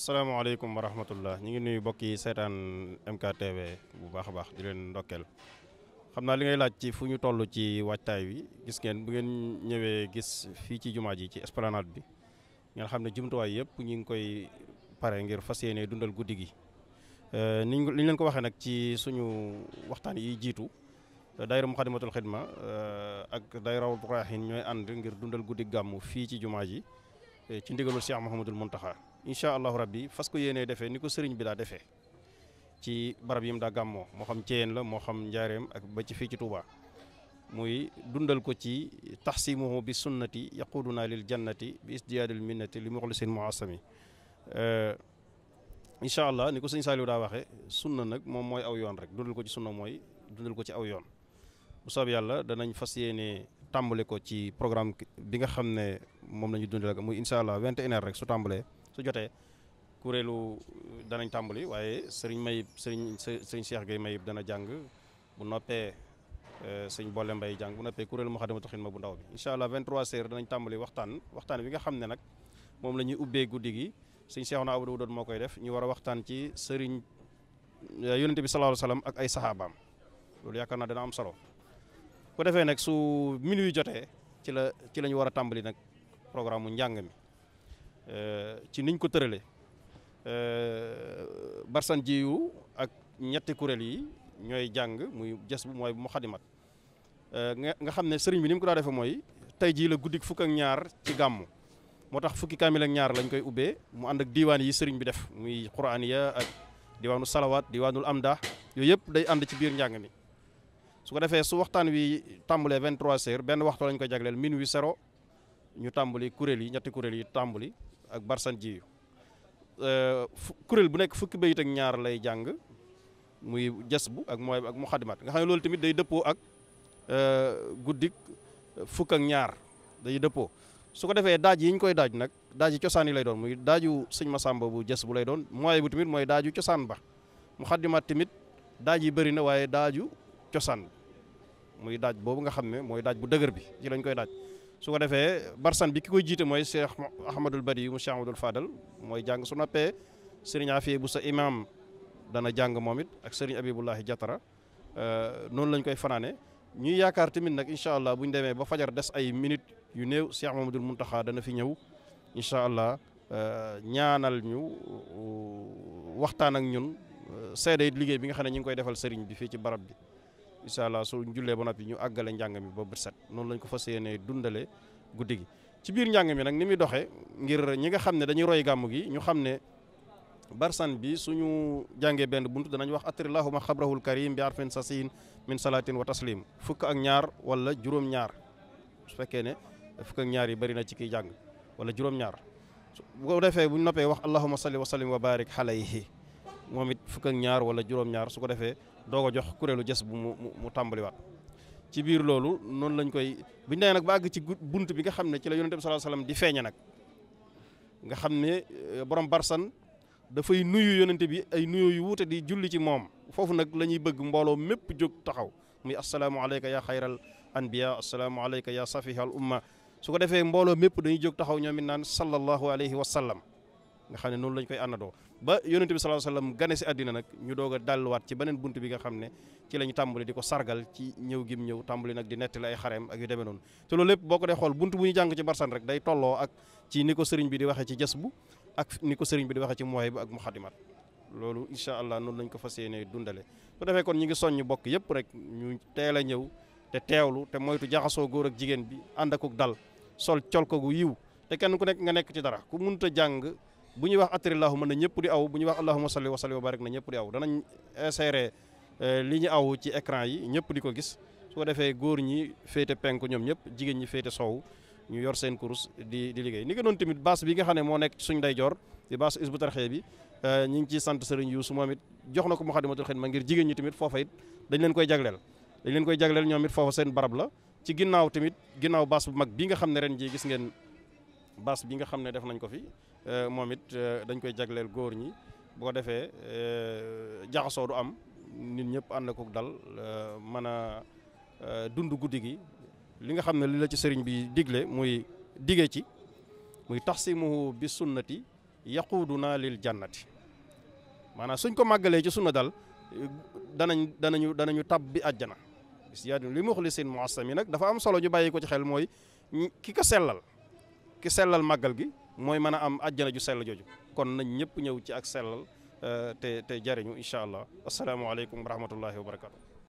salaamaaleykum wa rahmatullah ñu ngi nuyu mbokk yi seetaan MKTV bu baax a baax di leen ndokkeel xam naa li ngay laaj ci fu ñu toll ci waajtaay wi gis ngeen bu ngeen ñëwee gis fii ci jumaa ji ci esplanade bi ngeen xam ne jumtuwaay yëpp ñu ngi koy pare ngir fas yéene dundal guddi gi. Euh, ni ñu leen ko waxee nag ci suñu waxtaan yi jiitu daayira Muxaddamatul Xidma euh, ak bu Rawdu Rayaahiin ñooy ànd ngir dundal guddi gàmmu fii ci jumaa ji ci ndigalu Cheikh Mouhamadul Mountakha. incha allahu rabbi fas ko yéenee defee ni ko sëriñ bi daa defee ci barab yi daa gàmmoo moo xam Ceyeen la moo xam Njaareem ak ba ci fii ci Touba muy dundal ko ci taxsimuhu bi sunnati naa lil jannati bi isdiyaadil minnati li muxlisin muasami incha allah ni ko sëñ Saliou daa waxee sunna nag moom mooy aw yoon rek dundal ko ci sunna mooy dundal ko ci aw yoon bu soob yàlla danañ fas yéenee tàmbale ko ci programme bi nga xam ne moom nañu ñu muy incha allah vingt rek su tàmbalee waxtu jotee kuréelu euh, danañ tàmbali waaye sëriñ Mayib sëriñ sëriñ Cheikh Gueye Mayib dana jàng bu noppee euh, sëñ Bolle Mbaye jàng bu noppee kuréelu Moukhaddamatoul Khidma bu ndaw bi incha allah 23h danañ tàmbali waxtaan waxtaan bi nga xam ne nag moom la ñuy ubbee guddi gi sëñ Cheikhouna Abdou Wadoud moo koy def ñu war a waxtaan ci sëriñ euh, yonente bi sallallahu alayhi ak ay saxaabaam loolu yaakaar naa dana am solo bu defee nag su minuit jotee ci la ci la war a tàmbali nag mi Euh, ci niñ ko tëralee euh, barsan jiyu ak ñetti kuréel yi ñooy jàng muy jës bu mooy bu mu xadimat euh, nga xam ne sëriñ bi ni mu ko daa defee mooy tey jii la guddi fukk ak ñaar ci gàmmu moo tax fukki kaamil ak ñaar lañ koy ubbee mu ànd ak diiwaan yi sëriñ bi def muy quraan ya ak diiwaanu salawaat diiwaanul da yooyu yëpp day ànd ci biir njàng mi su ko defee su waxtaan wi tàmbalee 23 heures benn waxtu lañ ko jagleel minuit zéro ñu tàmbali kuréel yi ñetti kuréel yi tàmbali ak barsan ji euh, kuréel bu nekk fukki bayit ak ñaar lay jàng muy jas bu ak mooy ak muxadimat nga xam ne loolu tamit day dëppoo ak euh, guddik fukk ak ñaar day dëppoo su ko defee daaj yi koy daaj nag daaj yi cosaan yi lay doon muy daaju sëñ Masamba bu jas bu lay doon mooy bu tamit mooy daaju cosaan ba muxadimat tamit daaj yi bëri na waaye daaju cosaan muy daaj boobu nga xam ne mooy daaj bu dëgër bi ci lañ koy daaj su ko defee barsan bi ki koy jiite mooy Cheikh Ahmadul Bari mu Cheikh Ahmadul Fadal mooy jàng su noppee Serigne Afia bu sa imaam dana jàng moom it ak Serigne Abibullahi Jatara euh, noonu lañ koy fanaane ñuy yaakaar tamit nag incha allah bu ñu demee ba fajar des ay minutes yu ne néew Cheikh Mamadul Muntaxa dana fi ñëw incha allah euh, ñaanal ñu euh, waxtaan ak ñun seede it liggéey bi nga xam ne ñu ngi koy defal Serigne bi fii ci barab bi. incha allah su jullee ba noppi ñu àggale njàng mi ba bët set noonu lañ ko fa seenee dundale guddi gi ci biir njàng mi nag ni muy doxee ngir ñi nga xam ne dañuy roy gàmmu gi ñu xam ne barsan bi suñu jàngee benn bunt danañ wax atri lahuma xabrahul karim bi arfin sasin min salatin wa taslim fukk ak ñaar wala juróom-ñaar su fekkee ne fukk ak ñaar yi bari ci kiy jàng wala juróom-ñaar bu defee bu noppee wax allahuma salli wa sallim wa barik alayhi moom it fukk ak ñaar wala juróom-ñaar su ko defee doog jox kuréelu jës bu mu mu tàmbaliwaat ci biir loolu noonu lañ koy bu ñu demee nag ba àgg ci bunt bi nga xam ne ci la yonente bi sallallahu di feeñe nag nga xam ne euh, borom barsan dafay nuyu yonente bi ay nuyu yu wuute di julli ci moom foofu nag la ñuy bëgg mbooloo mépp jóg taxaw muy asalaamualeyka yaa xayral anbiya asalaamualeyka yaa safiha al umma su ko defee mbooloo mépp dañuy jóg taxaw ñoom it naan sallallahu alayhi wa sallam nga xam ne noonu lañ koy àndandoo ba yonente bi sallallahu alayhi wasallam gane si àddina nag ñu doog a delluwaat ci beneen bunt bi nga xam ne ci la ñu di ko sargal ci ñëw gim ñëw tàmbali nag di nettali ay xareem ak yu demee noonu te loolu lépp boo ko dee xool bunt bu ñu ni ko bi di waxee ci jës bu ni ko sëriñ bi di waxee ci mooy bu ak loolu incha allah noonu lañ ko fa yéene dundale su defee kon ñu ngi soññ bokk yëpp rek ñu teel a ñëw te teewlu te moytu jaxasoo góor ak jigéen bi ànd ak dal sol col ko gu yiw te kenn ku nekk nga nekk ci dara ku munta jàng bu ñuy wax atrillahu mën na ñëpp di aw bu ñuy wax allahuma salli wa salli wa barik na ñëpp di aw danañ insérer euh, li ñu aw ci écran yi ñëpp di ko gis su ko defee góor ñi féete penku ñoom ñëpp jigéen ñi féete soow ñu yor seen kurus di di liggéey ni ko noonu tamit baas bi nga xam ne moo nekk suñ day joor di baas isbu tarxee bi euh, ñu ngi ciy sant sëriñ Yuusu moom it jox na ko Muxaddamatul Xidma ngir jigéen ñi tamit foofa it dañ leen koy jagleel dañ leen koy jagleel ñoom it foofa seen barab la ci ginnaaw tamit ginnaaw baas bu mag bi nga xam ne ren jii gis ngeen bas bi nga xam ne def nañ ko fi euh, moom it euh, dañ koy jagleel góor ñi bu ko defee euh, jaxasoo du am nit ñëpp ànd ko dal mën a dund guddi gi li nga xam ne li la ci sëriñ bi digle muy dige ci muy taxsimuhu bi sunnati yaquuduna lil jannati maanaam suñ ko màggalee ci sunna dal danañ danañu danañu tab bi àjjana bis yaa li muxlisin muassami nag dafa am solo ñu bàyyi ko ci xel mooy ki ko sellal ki sellal màggal gi mooy mën a am àjjana ju sell jooju kon nañ ñëpp ñëw ci ak sellal euh, te te jariñu incha allah asalaamaaleykum wa rahmatullahi wa barakatu